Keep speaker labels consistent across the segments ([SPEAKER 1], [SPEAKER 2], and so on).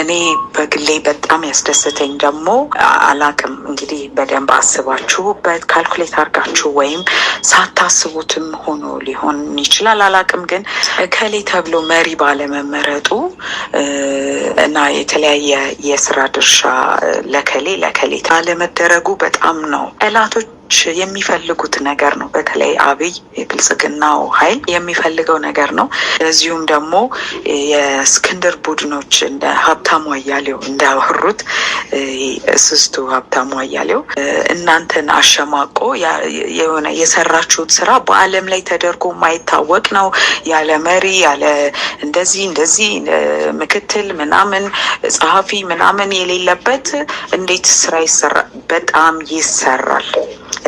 [SPEAKER 1] እኔ በግሌ በጣም ያስደሰተኝ ደግሞ አላቅም እንግዲህ በደንብ አስባችሁበት ካልኩሌት አርጋችሁ ወይም ሳታስቡትም ሆኖ ሊሆን ይችላል። አላቅም ግን ከሌ ተብሎ መሪ ባለመመረጡ እና የተለያየ የስራ ድርሻ ለከሌ ለከሌ ባለመደረጉ በጣም ነው ጠላቶች ሰዎች የሚፈልጉት ነገር ነው። በተለይ አብይ የብልጽግናው ኃይል የሚፈልገው ነገር ነው። እዚሁም ደግሞ የእስክንድር ቡድኖች እንደ ሀብታሙ አያሌው እንዳወሩት እስስቱ ሀብታሙ አያሌው እናንተን አሸማቆ የሆነ የሰራችሁት ስራ በዓለም ላይ ተደርጎ የማይታወቅ ነው። ያለ መሪ ያለ እንደዚህ እንደዚህ ምክትል ምናምን ጸሐፊ ምናምን የሌለበት እንዴት ስራ ይሰራል? በጣም ይሰራል።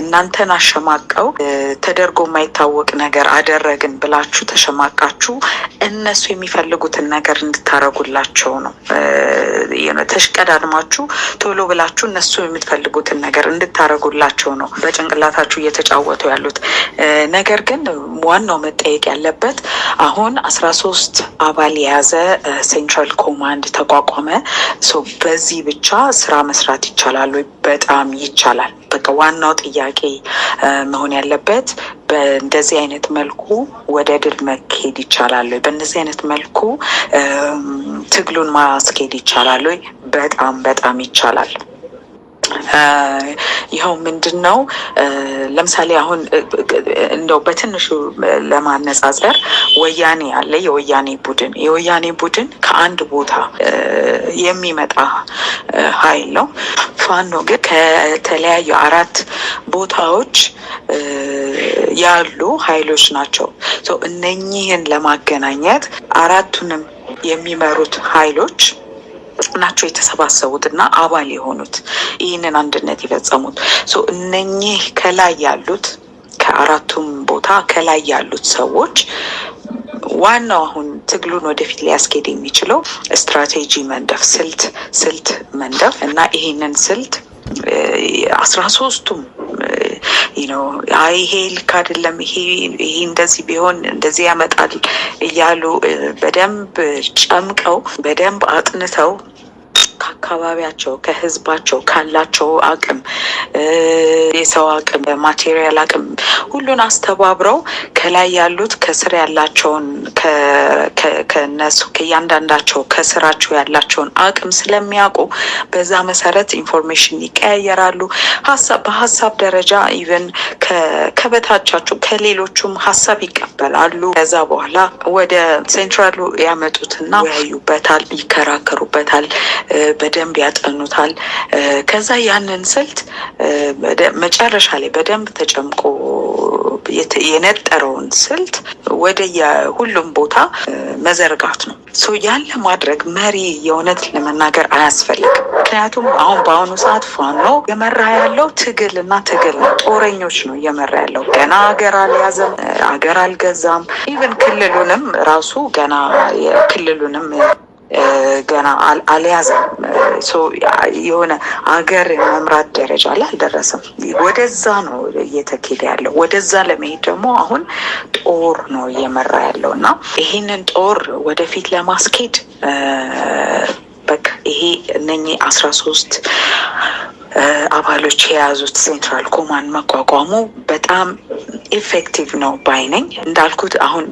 [SPEAKER 1] እናንተን አሸማቀው ተደርጎ የማይታወቅ ነገር አደረግን ብላችሁ ተሸማቃችሁ እነሱ የሚፈልጉትን ነገር እንድታረጉላቸው ነው። ተሽቀዳድማችሁ ቶሎ ብላችሁ እነሱ የምትፈልጉትን ነገር እንድታረጉላቸው ነው በጭንቅላታችሁ እየተጫወቱ ያሉት። ነገር ግን ዋናው መጠየቅ ያለበት አሁን አስራ ሶስት አባል የያዘ ሴንትራል ኮማንድ ተቋቋመ። በዚህ ብቻ ስራ መስራት ይቻላል ወይ? በጣም ይቻላል። ዋናው ጥያቄ መሆን ያለበት በእንደዚህ አይነት መልኩ ወደ ድል መካሄድ ይቻላል ወይ? በእነዚህ አይነት መልኩ ትግሉን ማስኬድ ይቻላል ወይ? በጣም በጣም ይቻላል። ይኸው ምንድን ነው ለምሳሌ አሁን እንደው በትንሹ ለማነጻጸር ወያኔ አለ። የወያኔ ቡድን የወያኔ ቡድን ከአንድ ቦታ የሚመጣ ኃይል ነው። ፋኖ ግን ከተለያዩ አራት ቦታዎች ያሉ ኃይሎች ናቸው። እነኚህን ለማገናኘት አራቱንም የሚመሩት ኃይሎች ናቸው የተሰባሰቡት እና አባል የሆኑት ይህንን አንድነት የፈጸሙት እነኚህ ከላይ ያሉት ከአራቱም ቦታ ከላይ ያሉት ሰዎች ዋናው አሁን ትግሉን ወደፊት ሊያስኬድ የሚችለው ስትራቴጂ መንደፍ፣ ስልት ስልት መንደፍ እና ይሄንን ስልት አስራ ሶስቱም ነው። ይሄ ልክ አይደለም፣ ይሄ እንደዚህ ቢሆን እንደዚህ ያመጣል እያሉ በደንብ ጨምቀው በደንብ አጥንተው ከአካባቢያቸው ከህዝባቸው ካላቸው አቅም የሰው አቅም ማቴሪያል አቅም ሁሉን አስተባብረው ከላይ ያሉት ከስር ያላቸውን ከነሱ ከእያንዳንዳቸው ከስራቸው ያላቸውን አቅም ስለሚያውቁ በዛ መሰረት ኢንፎርሜሽን ይቀያየራሉ። በሀሳብ ደረጃ ኢቨን ከበታቻቸው ከሌሎቹም ሀሳብ ይቀ ይቀበላሉ። ከዛ በኋላ ወደ ሴንትራሉ ያመጡትና ያዩበታል፣ ይከራከሩበታል፣ በደንብ ያጠኑታል። ከዛ ያንን ስልት መጨረሻ ላይ በደንብ ተጨምቆ የነጠረውን ስልት ወደ ሁሉም ቦታ መዘርጋት ነው። ያን ለማድረግ መሪ የእውነት ለመናገር አያስፈልግም። ምክንያቱም አሁን በአሁኑ ሰዓት ፋኖ የመራ ያለው ትግል እና ትግል ነው። ጦረኞች ነው እየመራ ያለው ገና ሀገር አልያዘም፣ ሀገር አልገ አልተገዛም። ኢቨን ክልሉንም ራሱ ገና ክልሉንም ገና አልያዘም። የሆነ አገር መምራት ደረጃ ላይ አልደረሰም። ወደዛ ነው እየተኬደ ያለው። ወደዛ ለመሄድ ደግሞ አሁን ጦር ነው እየመራ ያለው እና ይህንን ጦር ወደፊት ለማስኬድ በቃ ይሄ እነኚህ አስራ ሶስት አባሎች የያዙት ሴንትራል ኮማንድ መቋቋሙ በጣም ኢፌክቲቭ ነው ባይነኝ። እንዳልኩት አሁን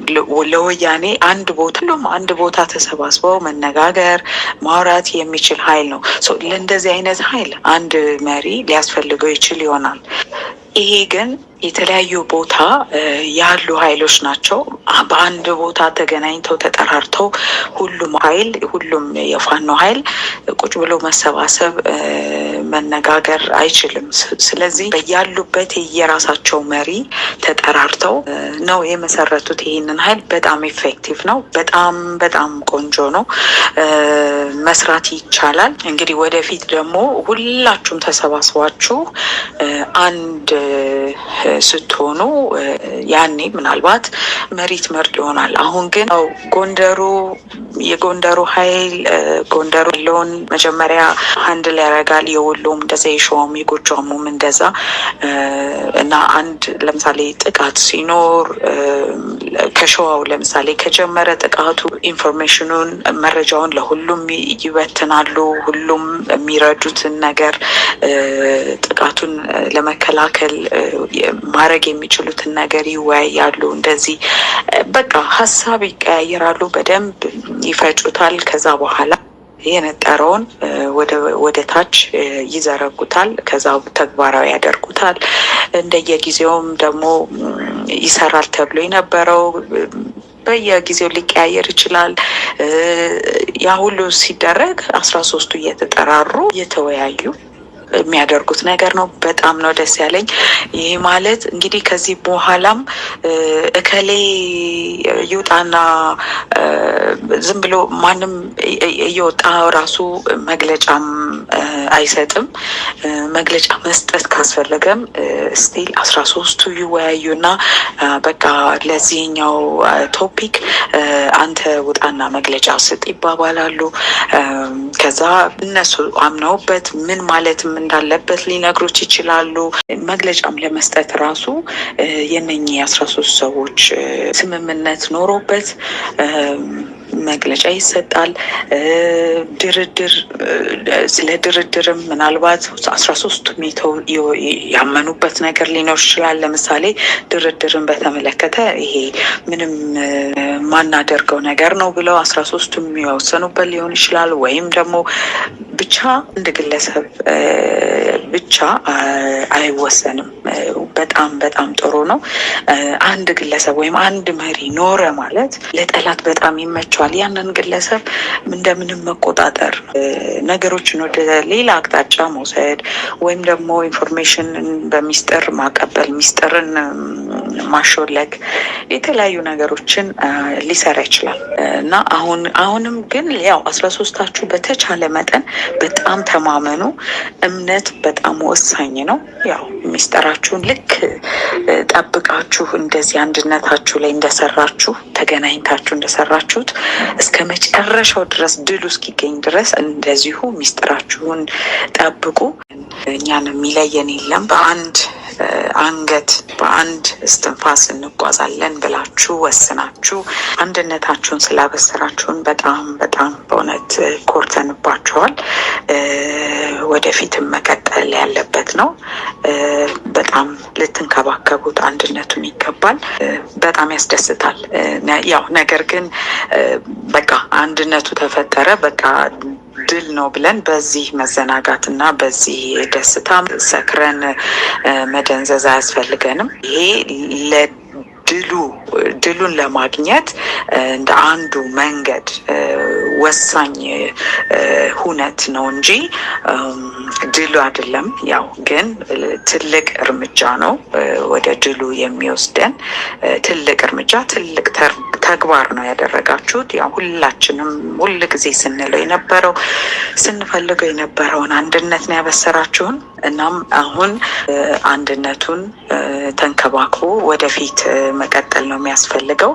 [SPEAKER 1] ለወያኔ አንድ ቦታ ሁሉም አንድ ቦታ ተሰባስበው መነጋገር ማውራት የሚችል ኃይል ነው። ለእንደዚህ አይነት ኃይል አንድ መሪ ሊያስፈልገው ይችል ይሆናል። ይሄ ግን የተለያዩ ቦታ ያሉ ኃይሎች ናቸው። በአንድ ቦታ ተገናኝተው ተጠራርተው ሁሉም ኃይል ሁሉም የፋኖ ኃይል ቁጭ ብሎ መሰባሰብ መነጋገር አይችልም። ስለዚህ ያሉበት የራሳቸው መሪ ተጠራርተው ነው የመሰረቱት ይህንን ኃይል። በጣም ኢፌክቲቭ ነው። በጣም በጣም ቆንጆ ነው። መስራት ይቻላል። እንግዲህ ወደፊት ደግሞ ሁላችሁም ተሰባስባችሁ አንድ ስትሆኑ ያኔ ምናልባት መሪት መርድ ይሆናል። አሁን ግን ጎንደሩ የጎንደሩ ኃይል ጎንደሩ ያለውን መጀመሪያ ላይ ያደርጋል። የወሎም እንደዛ፣ የሸዋም የጎጃሙም እንደዛ እና አንድ ለምሳሌ ጥቃት ሲኖር ከሸዋው ለምሳሌ ከጀመረ ጥቃቱ ኢንፎርሜሽኑን መረጃውን ለሁሉም ይበትናሉ። ሁሉም የሚረዱትን ነገር ጥቃቱን ለ። ለመከላከል ማድረግ የሚችሉትን ነገር ይወያያሉ። እንደዚህ በቃ ሀሳብ ይቀያየራሉ፣ በደንብ ይፈጩታል። ከዛ በኋላ የነጠረውን ወደ ታች ይዘረጉታል። ከዛ ተግባራዊ ያደርጉታል። እንደየጊዜውም ደግሞ ይሰራል ተብሎ የነበረው በየጊዜው ሊቀያየር ይችላል። ያ ሁሉ ሲደረግ አስራ ሶስቱ እየተጠራሩ እየተወያዩ የሚያደርጉት ነገር ነው። በጣም ነው ደስ ያለኝ። ይህ ማለት እንግዲህ ከዚህ በኋላም እከሌ ይውጣና ዝም ብሎ ማንም እየወጣ ራሱ መግለጫም አይሰጥም። መግለጫ መስጠት ካስፈለገም ስቲል አስራ ሶስቱ ይወያዩና በቃ ለዚህኛው ቶፒክ አንተ ውጣና መግለጫ ስጥ ይባባላሉ። ከዛ እነሱ አምነውበት ምን ማለት እንዳለበት ሊነግሩት ይችላሉ። መግለጫም ለመስጠት ራሱ የነኚህ አስራ ሶስት ሰዎች ስምምነት ኖሮበት መግለጫ ይሰጣል። ድርድር ስለ ድርድርም ምናልባት አስራ ሶስቱም ያመኑበት ነገር ሊኖር ይችላል። ለምሳሌ ድርድርን በተመለከተ ይሄ ምንም ማናደርገው ነገር ነው ብለው አስራ ሶስቱ የሚወሰኑበት ሊሆን ይችላል። ወይም ደግሞ ብቻ እንደ ግለሰብ ብቻ አይወሰንም በጣም በጣም ጥሩ ነው። አንድ ግለሰብ ወይም አንድ መሪ ኖረ ማለት ለጠላት በጣም ይመቸዋል። ያንን ግለሰብ እንደምንም መቆጣጠር፣ ነገሮችን ወደ ሌላ አቅጣጫ መውሰድ ወይም ደግሞ ኢንፎርሜሽን በሚስጥር ማቀበል፣ ሚስጥርን ማሾለክ፣ የተለያዩ ነገሮችን ሊሰራ ይችላል እና አሁን አሁንም ግን ያው አስራ ሶስታችሁ በተቻለ መጠን በጣም ተማመኑ። እምነት በጣም ወሳኝ ነው። ያው ሚስጥራችሁን ልክ ልክ ጠብቃችሁ እንደዚህ አንድነታችሁ ላይ እንደሰራችሁ ተገናኝታችሁ እንደሰራችሁት እስከ መጨረሻው ድረስ ድሉ እስኪገኝ ድረስ እንደዚሁ ሚስጥራችሁን ጠብቁ። እኛን የሚለየን የለም በአንድ አንገት በአንድ እስትንፋስ እንጓዛለን ብላችሁ ወስናችሁ አንድነታችሁን ስላበሰራችሁን በጣም በጣም በእውነት ኮርተንባችኋል። ወደፊትም መቀጠል ያለበት ነው። በጣም ልትንከባከቡት አንድነቱን ይገባል። በጣም ያስደስታል። ያው ነገር ግን በቃ አንድነቱ ተፈጠረ በቃ ድል ነው ብለን በዚህ መዘናጋትና በዚህ ደስታ ሰክረን መደንዘዝ አያስፈልገንም። ይሄ ለድሉ ድሉን ለማግኘት እንደ አንዱ መንገድ ወሳኝ ሁነት ነው እንጂ ድሉ አይደለም። ያው ግን ትልቅ እርምጃ ነው ወደ ድሉ የሚወስደን ትልቅ እርምጃ፣ ትልቅ ተግባር ነው ያደረጋችሁት። ያው ሁላችንም ሁል ጊዜ ስንለው የነበረው ስንፈልገው የነበረውን አንድነት ነው ያበሰራችሁን። እናም አሁን አንድነቱን ተንከባክቦ ወደፊት መቀጠል ነው የሚያስፈልገው።